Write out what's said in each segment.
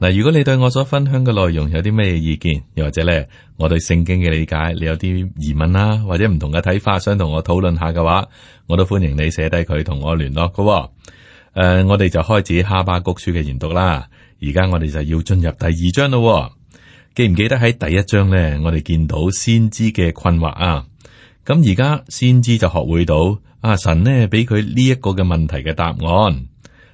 嗱，如果你對我所分享嘅內容有啲咩意見，又或者咧，我對聖經嘅理解，你有啲疑問啦、啊，或者唔同嘅睇法，想同我討論下嘅話，我都歡迎你寫低佢同我聯絡嘅、哦。誒、呃，我哋就開始哈巴谷書嘅研讀啦。而家我哋就要進入第二章咯、哦。記唔記得喺第一章咧，我哋見到先知嘅困惑啊？咁而家先知就學會到，阿、啊、神呢，俾佢呢一個嘅問題嘅答案。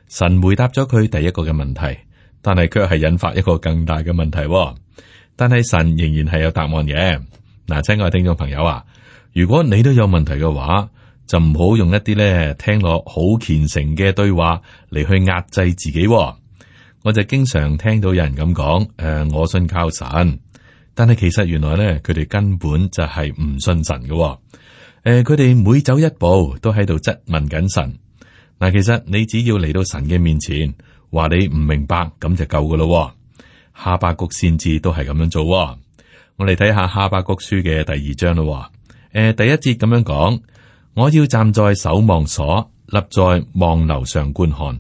神回答咗佢第一個嘅問題。但係佢係引發一個更大嘅問題、哦，但係神仍然係有答案嘅。嗱、啊，親愛聽眾朋友啊，如果你都有問題嘅話，就唔好用一啲咧聽落好虔誠嘅對話嚟去壓制自己、哦。我就經常聽到有人咁講，誒、呃，我信靠神，但係其實原來咧佢哋根本就係唔信神嘅、哦。誒、呃，佢哋每走一步都喺度質問緊神。嗱、啊，其實你只要嚟到神嘅面前。話你唔明白咁就夠噶咯。哈巴谷先至都係咁樣做。我嚟睇下哈巴谷書嘅第二章咯。誒、呃，第一節咁樣講，我要站在守望所，立在望樓上觀看，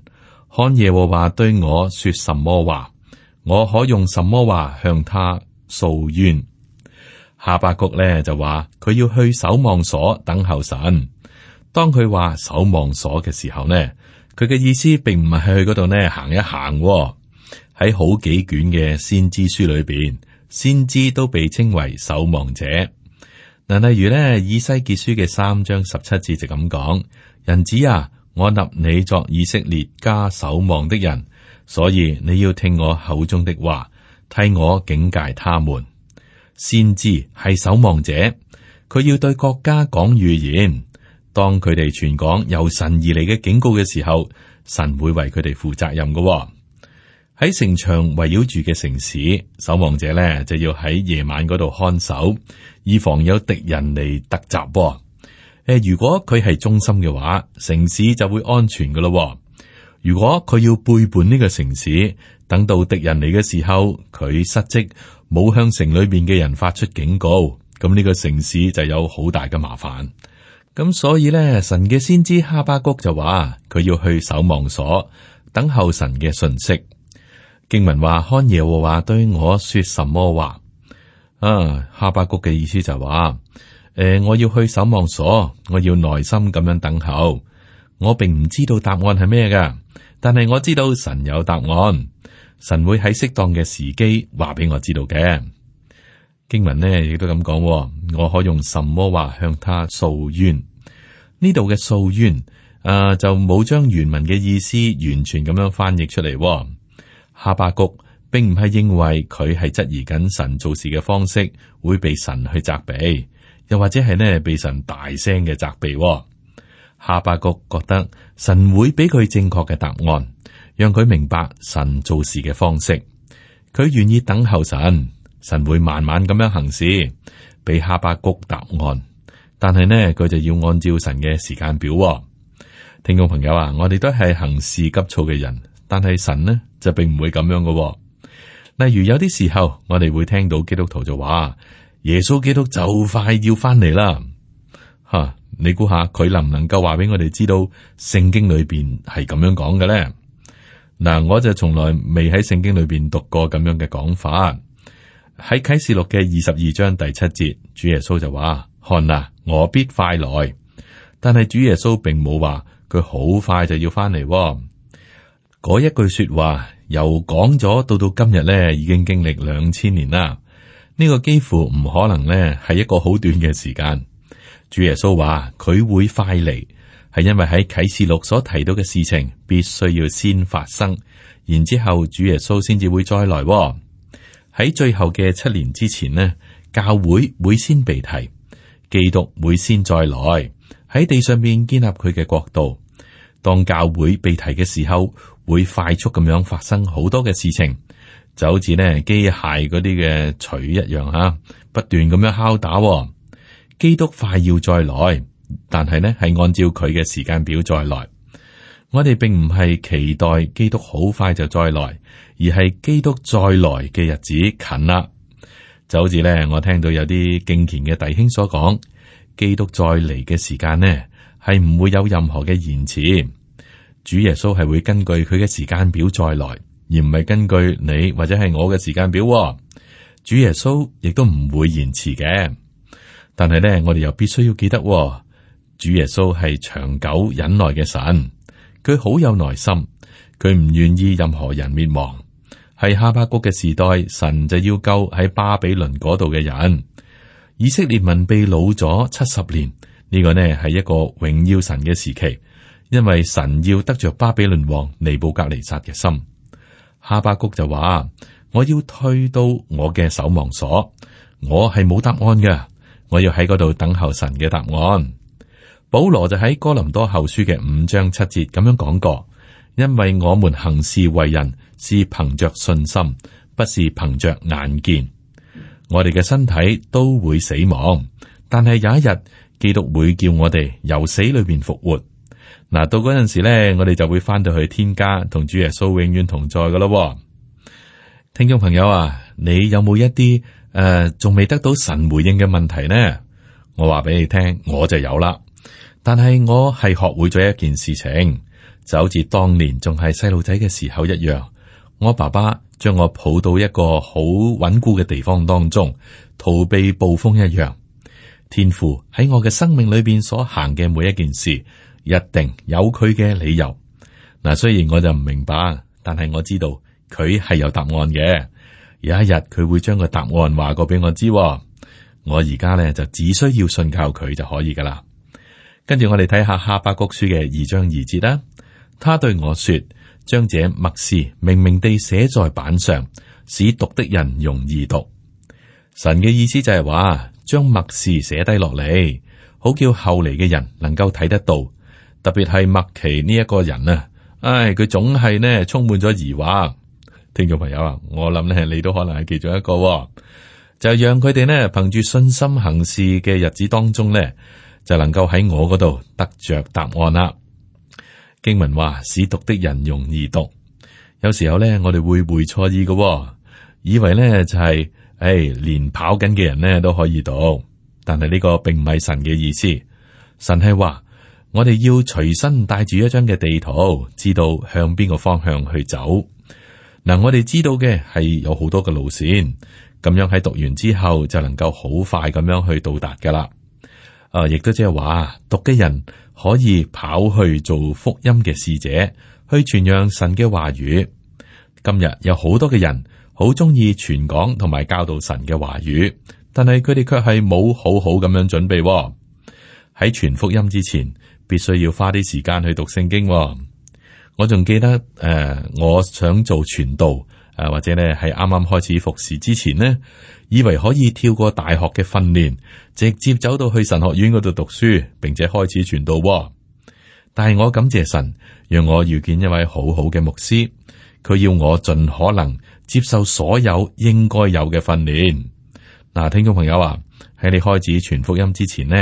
看耶和華對我說什麼話，我可用什麼話向他訴冤。哈巴谷咧就話佢要去守望所等候神。當佢話守望所嘅時候呢？佢嘅意思並唔係去嗰度呢行一行喎，喺好幾卷嘅先知書裏邊，先知都被稱為守望者。嗱，例如呢以西結書嘅三章十七節就咁講：人子啊，我立你作以色列家守望的人，所以你要聽我口中的話，替我警戒他們。先知係守望者，佢要對國家講預言。當佢哋傳講由神而嚟嘅警告嘅時候，神會為佢哋負責任㗎喎。喺城牆圍繞住嘅城市，守望者呢就要喺夜晚嗰度看守，以防有敵人嚟突襲。誒、呃，如果佢係忠心嘅話，城市就會安全㗎喇喎。如果佢要背叛呢個城市，等到敵人嚟嘅時候，佢失職冇向城裏邊嘅人發出警告，咁呢個城市就有好大嘅麻煩。咁所以咧，神嘅先知哈巴谷就話佢要去守望所等候神嘅訊息。經文話：看耶和華對我說什麼話？啊，哈巴谷嘅意思就話：誒、呃，我要去守望所，我要耐心咁樣等候。我並唔知道答案係咩噶，但係我知道神有答案，神會喺適當嘅時機話俾我知道嘅。經文呢，亦都咁講，我可用什麼話向他訴冤？呢度嘅訴冤，啊、呃，就冇將原文嘅意思完全咁樣翻譯出嚟。哈巴谷並唔係因為佢係質疑緊神做事嘅方式會被神去責備，又或者係呢被神大聲嘅責備。哈巴谷覺得神會俾佢正確嘅答案，讓佢明白神做事嘅方式。佢願意等候神。神會慢慢咁樣行事，俾哈巴谷答案。但係呢，佢就要按照神嘅時間表喎。聽眾朋友啊，我哋都係行事急躁嘅人，但係神呢就並唔會咁樣嘅喎。例如有啲時候，我哋會聽到基督徒就話：耶穌基督就快要翻嚟啦。吓，你估下佢能唔能夠話俾我哋知道聖經裏邊係咁樣講嘅呢？嗱，我就從來未喺聖經裏邊讀過咁樣嘅講法。喺啟示錄嘅二十二章第七節，主耶穌就話：看啊，我必快來。但係主耶穌並冇話佢好快就要翻嚟哦。嗰一句說話由講咗到到今日咧，已經經歷兩千年啦。呢個幾乎唔可能咧，係一個好短嘅時間。主耶穌話佢會快嚟，係因為喺啟示錄所提到嘅事情必須要先發生，然之後主耶穌先至會再來哦。喺最後嘅七年之前呢，教會會先被提，基督會先再來喺地上面建立佢嘅國度。當教會被提嘅時候，會快速咁樣發生好多嘅事情，就好似呢機械嗰啲嘅錘一樣吓，不斷咁樣敲打。基督快要再來，但係呢係按照佢嘅時間表再來。我哋並唔係期待基督好快就再來，而係基督再來嘅日子近啦。就好似咧，我聽到有啲敬虔嘅弟兄所講，基督再嚟嘅時間呢係唔會有任何嘅延遲。主耶穌係會根據佢嘅時間表再來，而唔係根據你或者係我嘅時間表。主耶穌亦都唔會延遲嘅。但係咧，我哋又必須要記得，主耶穌係長久忍耐嘅神。佢好有耐心，佢唔願意任何人滅亡。喺哈巴谷嘅時代，神就要救喺巴比倫嗰度嘅人。以色列民被擄咗七十年，呢、呢個呢係一個榮耀神嘅時期，因為神要得着巴比倫王尼布格尼撒嘅心。哈巴谷就話：我要推到我嘅守望所，我係冇答案嘅，我要喺嗰度等候神嘅答案。保羅就喺哥林多後書嘅五章七節咁樣講過，因為我們行事為人是憑着信心，不是憑着眼見。我哋嘅身體都會死亡，但係有一日基督會叫我哋由死裏邊復活。嗱，到嗰陣時呢，我哋就會翻到去天家同主耶穌永遠同在嘅咯。聽眾朋友啊，你有冇一啲誒仲未得到神回應嘅問題呢？我話俾你聽，我就有啦。但係我係學會咗一件事情，就好似當年仲係細路仔嘅時候一樣。我爸爸將我抱到一個好穩固嘅地方當中，逃避暴風一樣。天父喺我嘅生命裏邊所行嘅每一件事，一定有佢嘅理由。嗱，雖然我就唔明白，但係我知道佢係有答案嘅。有一日佢會將個答案話過俾我知，我而家咧就只需要信靠佢就可以噶啦。跟住我哋睇下《哈巴谷書》嘅二章二節啦。他對我說：將這默示明明地寫在板上，使讀的人容易讀。神嘅意思就係話，將默示寫低落嚟，好叫後嚟嘅人能夠睇得到。特別係默奇呢一個人啊，唉，佢總係呢充滿咗疑惑。聽眾朋友啊，我諗咧你都可能係其中一個，就讓佢哋呢憑住信心行事嘅日子當中呢。就能夠喺我嗰度得着答案啦。經文話使讀的人容易讀，有時候咧我哋會會錯意嘅、哦，以為咧就係、是、誒、哎、連跑緊嘅人咧都可以讀，但係呢個並唔係神嘅意思。神係話我哋要隨身帶住一張嘅地圖，知道向邊個方向去走。嗱，我哋知道嘅係有好多嘅路線，咁樣喺讀完之後就能夠好快咁樣去到達噶啦。誒，亦都即係話，讀嘅人可以跑去做福音嘅使者，去傳揚神嘅話語。今日有好多嘅人好中意傳講同埋教導神嘅話語，但係佢哋卻係冇好好咁樣準備，哦。喺傳福音之前，必須要花啲時間去讀聖經，哦。我仲記得誒、呃，我想做傳道誒、呃，或者咧係啱啱開始服侍之前呢。以為可以跳過大學嘅訓練，直接走到去神學院嗰度讀書，並且開始傳道。但係我感謝神，讓我遇見一位好好嘅牧師，佢要我盡可能接受所有應該有嘅訓練。嗱，聽眾朋友啊，喺你開始傳福音之前呢，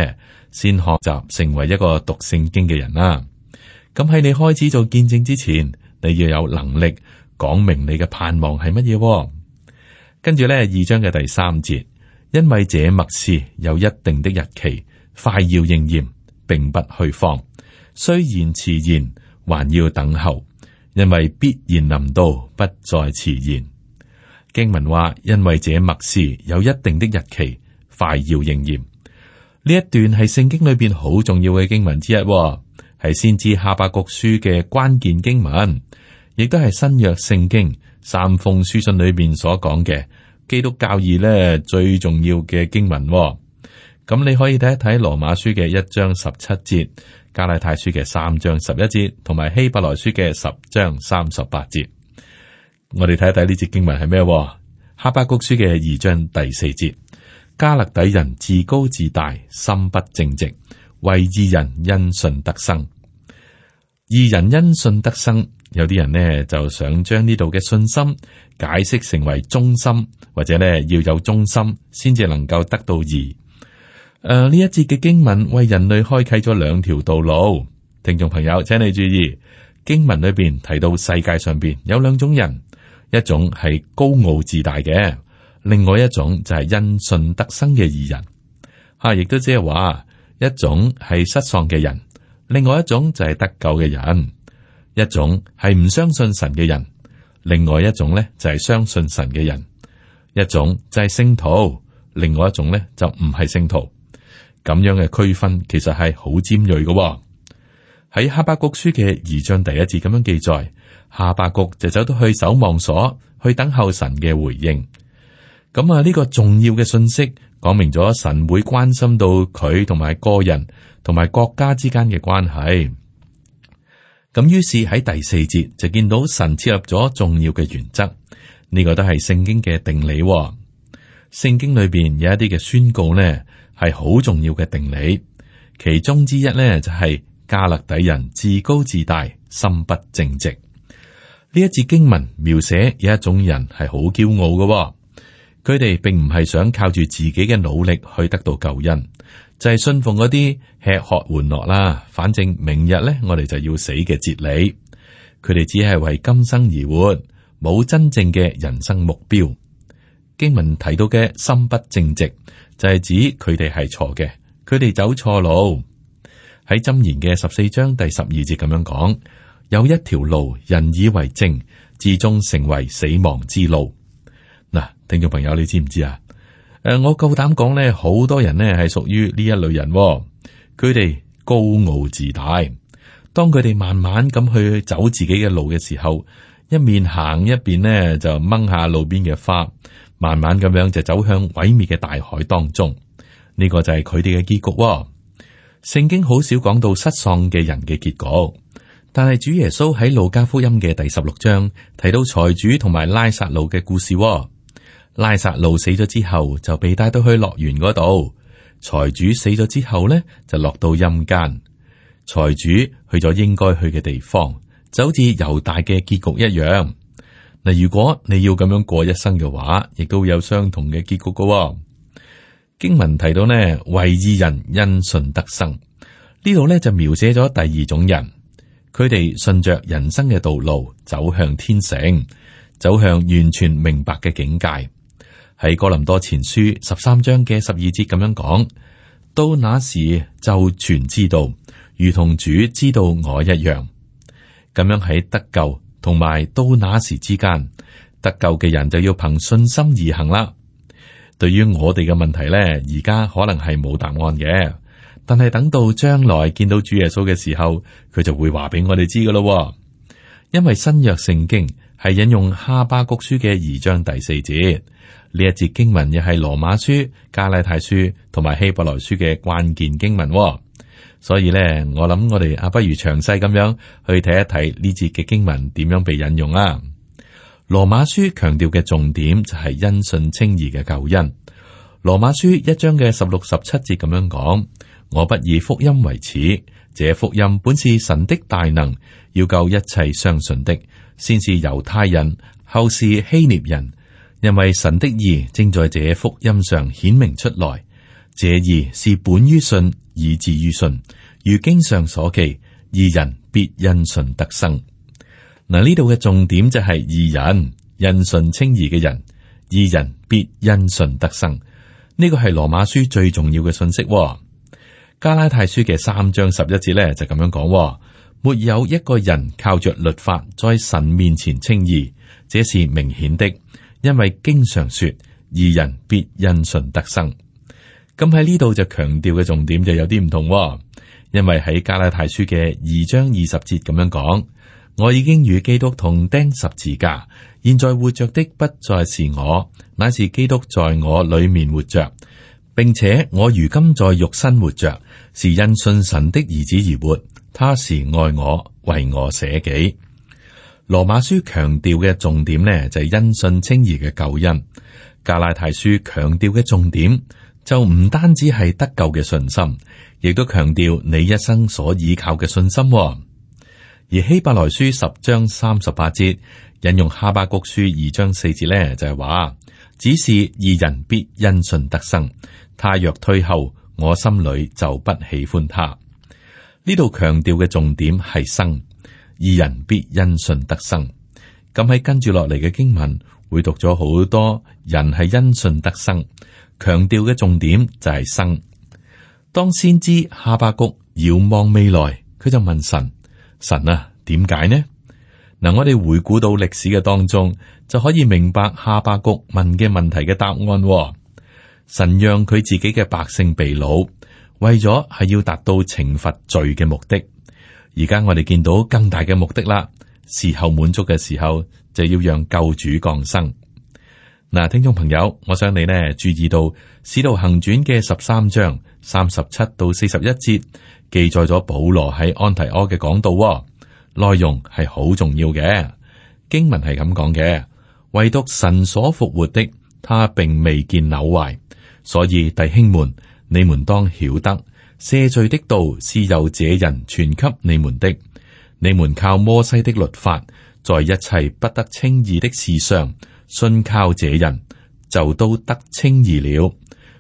先學習成為一個讀聖經嘅人啦。咁喺你開始做見證之前，你要有能力講明你嘅盼望係乜嘢。跟住呢，二章嘅第三節，因為這默示有一定的日期，快要應驗，並不虛謊。雖然遲延，還要等候，因為必然臨到，不再遲延。經文話，因為這默示有一定的日期，快要應驗。呢一段係聖經裏邊好重要嘅經文之一，哦，係先知哈巴谷書嘅關鍵經文，亦都係新約聖經。三封書信裡面所講嘅基督教義呢，最重要嘅經文，哦，咁你可以睇一睇羅馬書嘅一章十七節，加拉太，太書嘅三章十一節，同埋希伯來書嘅十章三十八節。我哋睇一睇呢節經文係咩，哦？哈巴谷書嘅二章第四節：加勒底人自高自大，心不正直，為義人因信得生；義人因信得生。有啲人呢，就想將呢度嘅信心解釋成為忠心，或者呢，要有忠心先至能夠得到義。誒、呃，呢一節嘅經文為人類開啟咗兩條道路。聽眾朋友，請你注意，經文裏邊提到世界上邊有兩種人，一種係高傲自大嘅，另外一種就係因信得生嘅義人。吓、啊，亦都即係話一種係失喪嘅人，另外一種就係得救嘅人。一種係唔相信神嘅人，另外一種咧就係相信神嘅人；一種就係聖徒，另外一種咧就唔係聖徒。咁樣嘅區分其實係好尖銳嘅、哦。喺哈巴谷書嘅二章第一節咁樣記載，哈巴谷就走到去守望所去等候神嘅回應。咁啊，呢、這個重要嘅信息講明咗神會關心到佢同埋個人同埋國家之間嘅關係。咁於是喺第四節就見到神設立咗重要嘅原則，呢個都係聖經嘅定理喎。聖經裏邊有一啲嘅宣告呢，係好重要嘅定理，其中之一呢，就係、是、迦勒底人自高自大，心不正直。呢一節經文描寫有一種人係好驕傲嘅喎，佢哋並唔係想靠住自己嘅努力去得到救恩。就係信奉嗰啲吃喝玩樂啦，反正明日呢，我哋就要死嘅哲理，佢哋只係為今生而活，冇真正嘅人生目標。經文提到嘅心不正直，就係、是、指佢哋係錯嘅，佢哋走錯路。喺《箴言》嘅十四章第十二節咁樣講，有一條路人以為正，至終成為死亡之路。嗱、啊，聽眾朋友，你知唔知啊？誒，我夠膽講咧，好多人咧係屬於呢一類人，佢哋高傲自大。當佢哋慢慢咁去走自己嘅路嘅時候，一面行一邊呢就掹下路邊嘅花，慢慢咁樣就走向毀滅嘅大海當中。呢個就係佢哋嘅結局。聖經好少講到失喪嘅人嘅結果，但係主耶穌喺路加福音嘅第十六章提到財主同埋拉撒路嘅故事。拉撒路死咗之後就被帶到去樂園嗰度，財主死咗之後呢，就落到陰間，財主去咗應該去嘅地方，就好似猶大嘅結局一樣。嗱，如果你要咁樣過一生嘅話，亦都有相同嘅結局噶、哦。經文提到呢，惟義人因信得生，呢度呢，就描寫咗第二種人，佢哋順着人生嘅道路走向天性，走向完全明白嘅境界。喺哥林多前書十三章嘅十二節，咁樣講，到那時就全知道，如同主知道我一樣。咁樣喺得救同埋到那時之間，得救嘅人就要憑信心而行啦。對於我哋嘅問題呢，而家可能係冇答案嘅，但係等到將來見到主耶穌嘅時候，佢就會話俾我哋知噶咯。因為新約聖經係引用哈巴谷書嘅二章第四節。呢一節經文亦係羅馬書、加拉太書同埋希伯來書嘅關鍵經文，所以呢，我諗我哋啊，不如詳細咁樣去睇一睇呢節嘅經文點樣被引用啦。羅馬書強調嘅重點就係因信稱義嘅救恩。羅馬書一章嘅十六十七節咁樣講：我不以福音為恥，這福音本是神的大能，要救一切相信的，先是猶太人，後是希臘人。因為神的義正在這福音上顯明出來，這義是本於信，以致於信。如經上所記，義人必因信得生。嗱，呢度嘅重點就係義人，因信稱義嘅人，義人必因信得生。呢個係羅馬書最重要嘅信息。加拉太書嘅三章十一節咧就咁樣講，沒有一個人靠着律法在神面前稱義，這是明顯的。因為經常說，義人必因信得生，咁喺呢度就強調嘅重點就有啲唔同，哦。因為喺加拉太書嘅二章二十節咁樣講：我已經與基督同釘十字架，現在活着的不再是我，乃是基督在我裏面活着，並且我如今在肉身活着，是因信神的兒子而活，他是愛我，為我捨己。羅馬書強調嘅重點呢，就係因信稱義嘅救恩；加拉太書強調嘅重點就唔單止係得救嘅信心，亦都強調你一生所倚靠嘅信心。而希伯來書十章三十八節引用哈巴谷書二章四節呢，就係話：只是義人必因信得生，他若退後，我心裏就不喜歡他。呢度強調嘅重點係生。義人必因信得生，咁喺跟住落嚟嘅經文會讀咗好多人係因信得生，強調嘅重點就係生。當先知哈巴谷遙望未來，佢就問神：神啊，點解呢？嗱，我哋回顧到歷史嘅當中，就可以明白哈巴谷問嘅問題嘅答案。哦。神讓佢自己嘅百姓被擄，為咗係要達到懲罰罪嘅目的。而家我哋見到更大嘅目的啦，事後滿足嘅時候就要讓救主降生。嗱，聽眾朋友，我想你呢注意到《使徒行傳》嘅十三章三十七到四十一節，記載咗保羅喺安提阿嘅講道，內容係好重要嘅。經文係咁講嘅，唯獨神所復活的，他並未見朽壞，所以弟兄們，你們當曉得。赦罪的道是由這人傳給你們的。你們靠摩西的律法，在一切不得稱義的事上，信靠這人，就都得稱義了。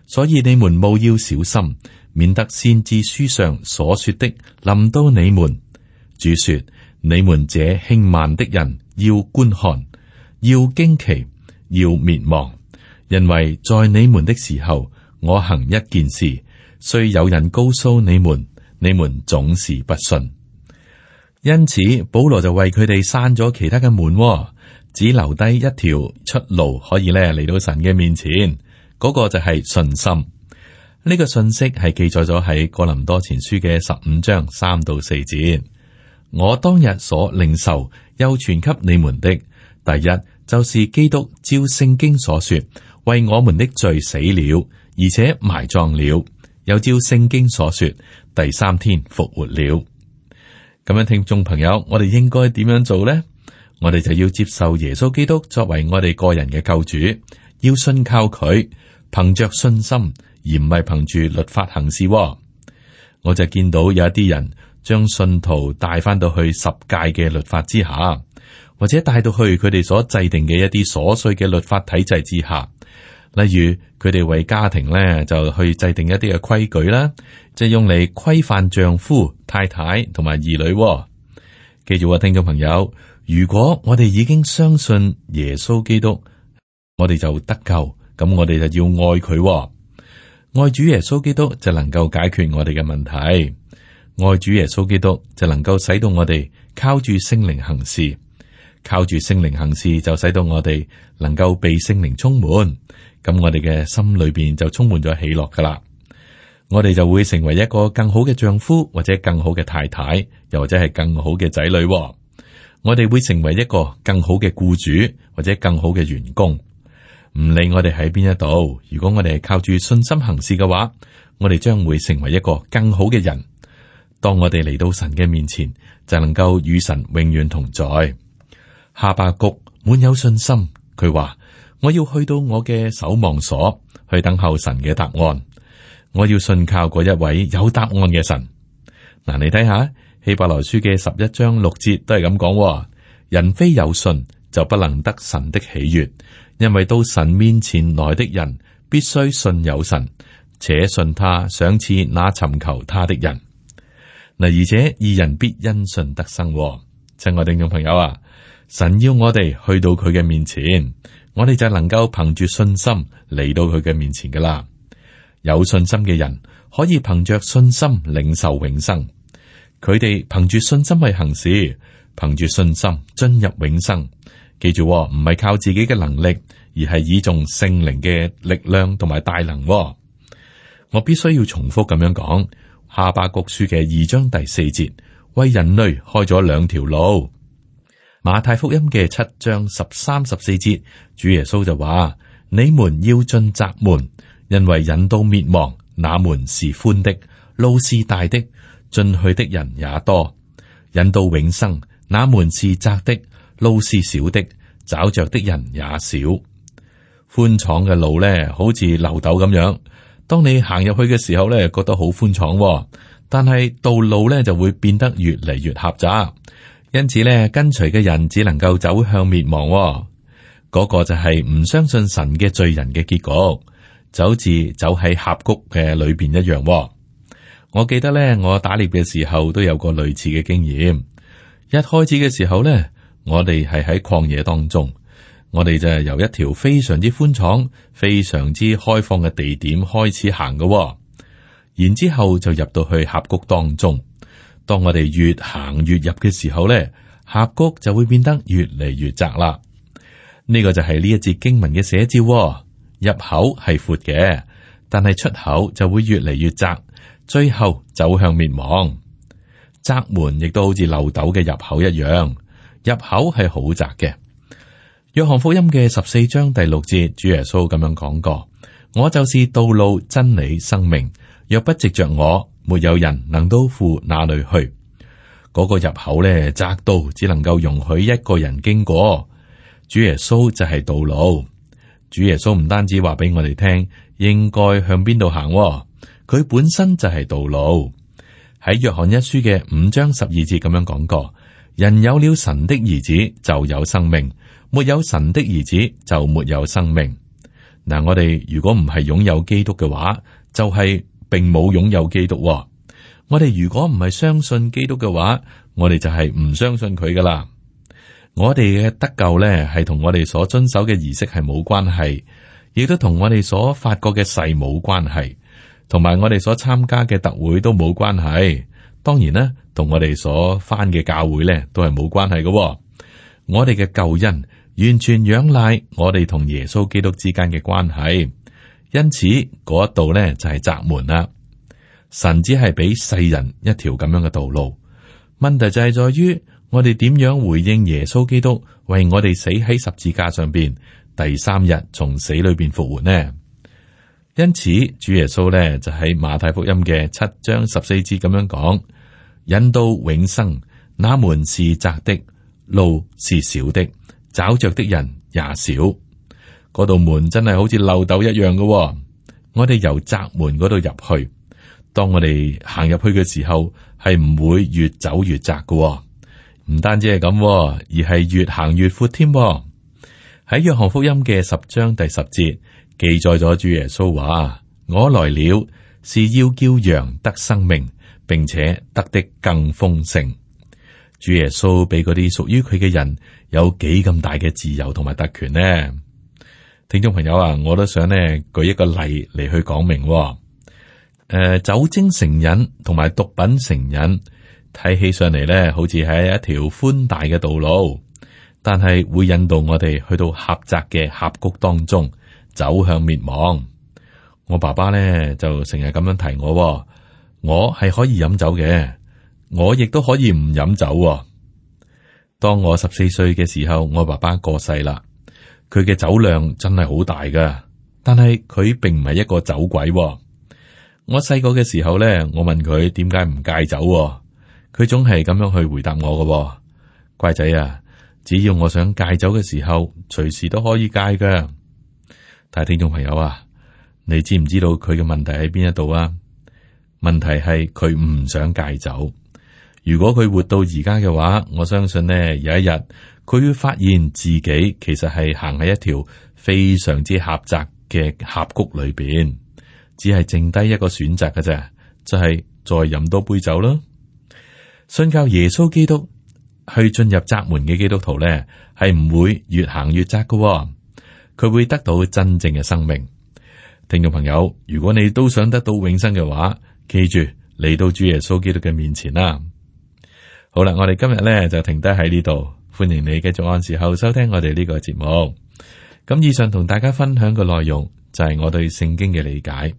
所以你們務要小心，免得先知書上所說的臨到你們。主說：你們這輕慢的人要觀看，要驚奇，要滅亡，因為在你們的時候，我行一件事。雖有人告訴你們，你們總是不信，因此保羅就為佢哋閂咗其他嘅門，只留低一條出路可以咧嚟到神嘅面前。嗰個就係信心。呢個信息係記載咗喺《哥林多前書》嘅十五章三到四節。我當日所領受又傳給你們的，第一就是基督照聖經所說，為我們的罪死了，而且埋葬了。有照聖經所說，第三天復活了。咁樣聽眾朋友，我哋應該點樣做咧？我哋就要接受耶穌基督作為我哋個人嘅救主，要信靠佢，憑着信心，而唔係憑住律法行事，哦。我就見到有一啲人將信徒帶翻到去十誡嘅律法之下，或者帶到去佢哋所制定嘅一啲瑣碎嘅律法體制之下。例如佢哋為家庭咧就去制定一啲嘅規矩啦，即係用嚟規範丈夫、太太同埋兒女喎。記住啊，聽眾朋友，如果我哋已經相信耶穌基督，我哋就得救。咁我哋就要愛佢喎，愛主耶穌基督就能夠解決我哋嘅問題。愛主耶穌基督就能夠使到我哋靠住聖靈行事，靠住聖靈行事就使到我哋能夠被聖靈充滿。咁我哋嘅心裏邊就充滿咗喜樂噶啦，我哋就會成為一個更好嘅丈夫或者更好嘅太太，又或者係更好嘅仔女。我哋會成為一個更好嘅僱主或者更好嘅員工。唔理我哋喺邊一度，如果我哋係靠住信心行事嘅話，我哋將會成為一個更好嘅人。當我哋嚟到神嘅面前，就能夠與神永遠同在。哈巴谷滿有信心，佢話。我要去到我嘅守望所去等候神嘅答案。我要信靠嗰一位有答案嘅神。嗱、呃，你睇下希伯來書嘅十一章六節都係咁講：人非有信就不能得神的喜悅，因為到神面前來的人必須信有神，且信他賞賜那尋求他的人。嗱、呃，而且義人必因信得生。親愛聽眾朋友啊，神要我哋去到佢嘅面前。我哋就能夠憑住信心嚟到佢嘅面前噶啦。有信心嘅人可以憑着信心領受永生。佢哋憑住信心去行事，憑住信心進入永生。記住、哦，唔係靠自己嘅能力，而係倚重聖靈嘅力量同埋大能、哦。我必須要重複咁樣講《哈巴谷書》嘅二章第四節，為人類開咗兩條路。馬太福音嘅七章十三十四節，主耶穌就話：你們要進窄門，因為引到滅亡，那門是寬的，路是大的，進去的人也多；引到永生，那門是窄的，路是小的，找着的人也少。寬敞嘅路咧，好似漏斗咁樣，當你行入去嘅時候咧，覺得好寬敞，但係道路咧就會變得越嚟越狹窄。因此咧，跟隨嘅人只能夠走向滅亡。哦，嗰、嗰個就係唔相信神嘅罪人嘅結果。就好似走喺峽谷嘅裏邊一樣，哦。我記得咧，我打獵嘅時候都有個類似嘅經驗。一開始嘅時候咧，我哋係喺曠野當中，我哋就係由一條非常之寬敞，非常之開放嘅地點開始行嘅，哦，然之後就入到去峽谷當中。當我哋越行越入嘅時候呢，峽谷就會變得越嚟越窄啦。呢個就係呢一節經文嘅寫照喎。入口係闊嘅，但係出口就會越嚟越窄，最後走向滅亡。窄門亦都好似漏斗嘅入口一樣，入口係好窄嘅。約翰福音嘅十四章第六節，主耶穌咁樣講過：我就是道路、真理、生命。若不藉着我，沒有人能到父那裏去。嗰、那個入口呢，窄到只能夠容許一個人經過。主耶穌就係道路。主耶穌唔單止話俾我哋聽應該向邊度行，佢本身就係道路。喺約翰一書嘅五章十二節咁樣講過：人有了神的兒子就有生命，沒有神的兒子就沒有生命。嗱、呃，我哋如果唔係擁有基督嘅話，就係、是。並冇擁有，有基督。我哋如果唔係相信基督嘅話，我哋就係唔相信佢噶啦。我哋嘅得救咧，係同我哋所遵守嘅儀式係冇關係，亦都同我哋所發過嘅誓冇關係，同埋我哋所參加嘅特會都冇關係。當然咧，同我哋所翻嘅教會咧，都係冇關係嘅。我哋嘅救恩完全仰賴我哋同耶穌基督之間嘅關係。因此嗰度呢就係窄門啦，神只係俾世人一條咁樣嘅道路。問題就係在於我哋點樣回應耶穌基督為我哋死喺十字架上邊，第三日從死裏邊復活呢？因此主耶穌呢，就喺馬太福音嘅七章十四節咁樣講，引到永生那門是窄的，路是小的，找着的人也少。嗰度門真係好似漏斗一樣嘅喎。我哋由窄門嗰度入去，當我哋行入去嘅時候，係唔會越走越窄嘅喎。唔單止係咁喎，而係越行越闊添喎。喺約翰福音嘅十章第十節記載咗主耶穌話：「我來了是要叫羊得生命，並且得的更豐盛。」主耶穌俾嗰啲屬於佢嘅人有幾咁大嘅自由同埋特權呢？聽眾朋友啊，我都想呢舉一個例嚟去講明、哦，誒、呃，酒精成癮同埋毒品成癮，睇起上嚟呢好似係一條寬大嘅道路，但係會引導我哋去到狹窄嘅峽谷當中，走向滅亡。我爸爸呢就成日咁樣提我、哦，我係可以飲酒嘅，我亦都可以唔飲酒、哦。當我十四歲嘅時候，我爸爸過世啦。佢嘅酒量真係好大噶，但係佢並唔係一個酒鬼喎。我細個嘅時候咧，我問佢點解唔戒酒喎，佢總係咁樣去回答我嘅喎。乖仔啊，只要我想戒酒嘅時候，隨時都可以戒噶。但係聽眾朋友啊，你知唔知道佢嘅問題喺邊一度啊？問題係佢唔想戒酒。如果佢活到而家嘅話，我相信呢有一日。佢會發現自己其實係行喺一條非常之狹窄嘅峽谷裏邊，只係剩低一個選擇嘅啫，就係、是、再飲多杯酒咯。信教耶穌基督去進入窄門嘅基督徒咧，係唔會越行越窄嘅、哦。佢會得到真正嘅生命。聽眾朋友，如果你都想得到永生嘅話，記住嚟到主耶穌基督嘅面前啦。好啦，我哋今日咧就停低喺呢度。歡迎你繼續按時候收聽我哋呢個節目。咁以上同大家分享嘅內容就係我對聖經嘅理解。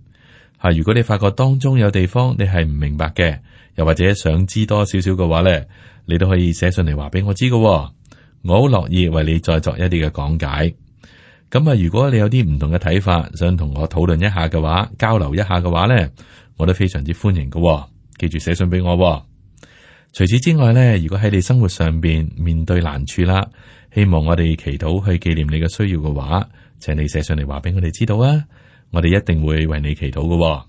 吓，如果你發覺當中有地方你係唔明白嘅，又或者想知多少少嘅話呢，你都可以寫信嚟話俾我知嘅。我好樂意為你再作一啲嘅講解。咁啊，如果你有啲唔同嘅睇法，想同我討論一下嘅話，交流一下嘅話呢，我都非常之歡迎嘅。記住寫信俾我。除此之外咧，如果喺你生活上邊面，面對難處啦，希望我哋祈禱去紀念你嘅需要嘅話，請你寫上嚟話俾我哋知道啊！我哋一定會為你祈禱嘅、哦。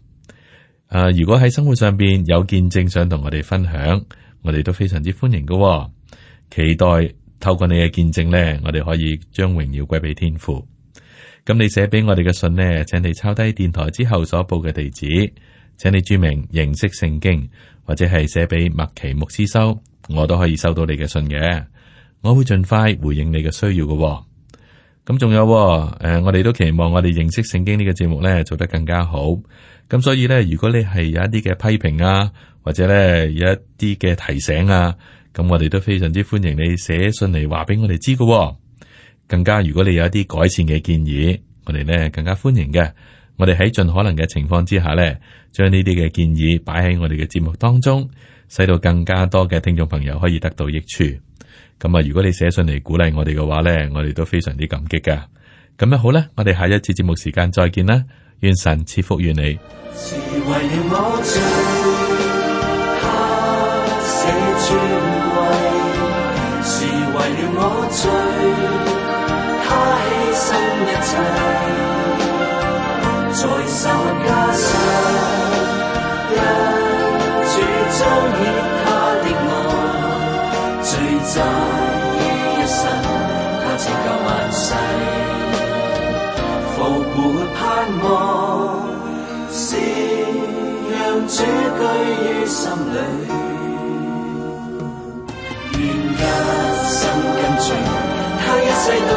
誒、啊，如果喺生活上邊有見證想同我哋分享，我哋都非常之歡迎嘅、哦。期待透過你嘅見證咧，我哋可以將榮耀歸俾天父。咁你寫俾我哋嘅信呢，請你抄低電台之後所報嘅地址。請你注明認識聖經，或者係寫俾麥奇牧師收，我都可以收到你嘅信嘅。我會盡快回應你嘅需要嘅。咁仲有誒、呃，我哋都期望我哋認識聖經呢、這個節目咧做得更加好。咁所以咧，如果你係有一啲嘅批評啊，或者咧有一啲嘅提醒啊，咁我哋都非常之歡迎你寫信嚟話俾我哋知嘅。更加，如果你有一啲改善嘅建議，我哋咧更加歡迎嘅。我哋喺盡可能嘅情況之下呢，將呢啲嘅建議擺喺我哋嘅節目當中，使到更加多嘅聽眾朋友可以得到益處。咁、嗯、啊，如果你寫信嚟鼓勵我哋嘅話呢，我哋都非常之感激噶。咁、嗯、啊好啦，我哋下一次節目時間再見啦，願神賜福於你。主居於心裏，願一生跟隨他一世都。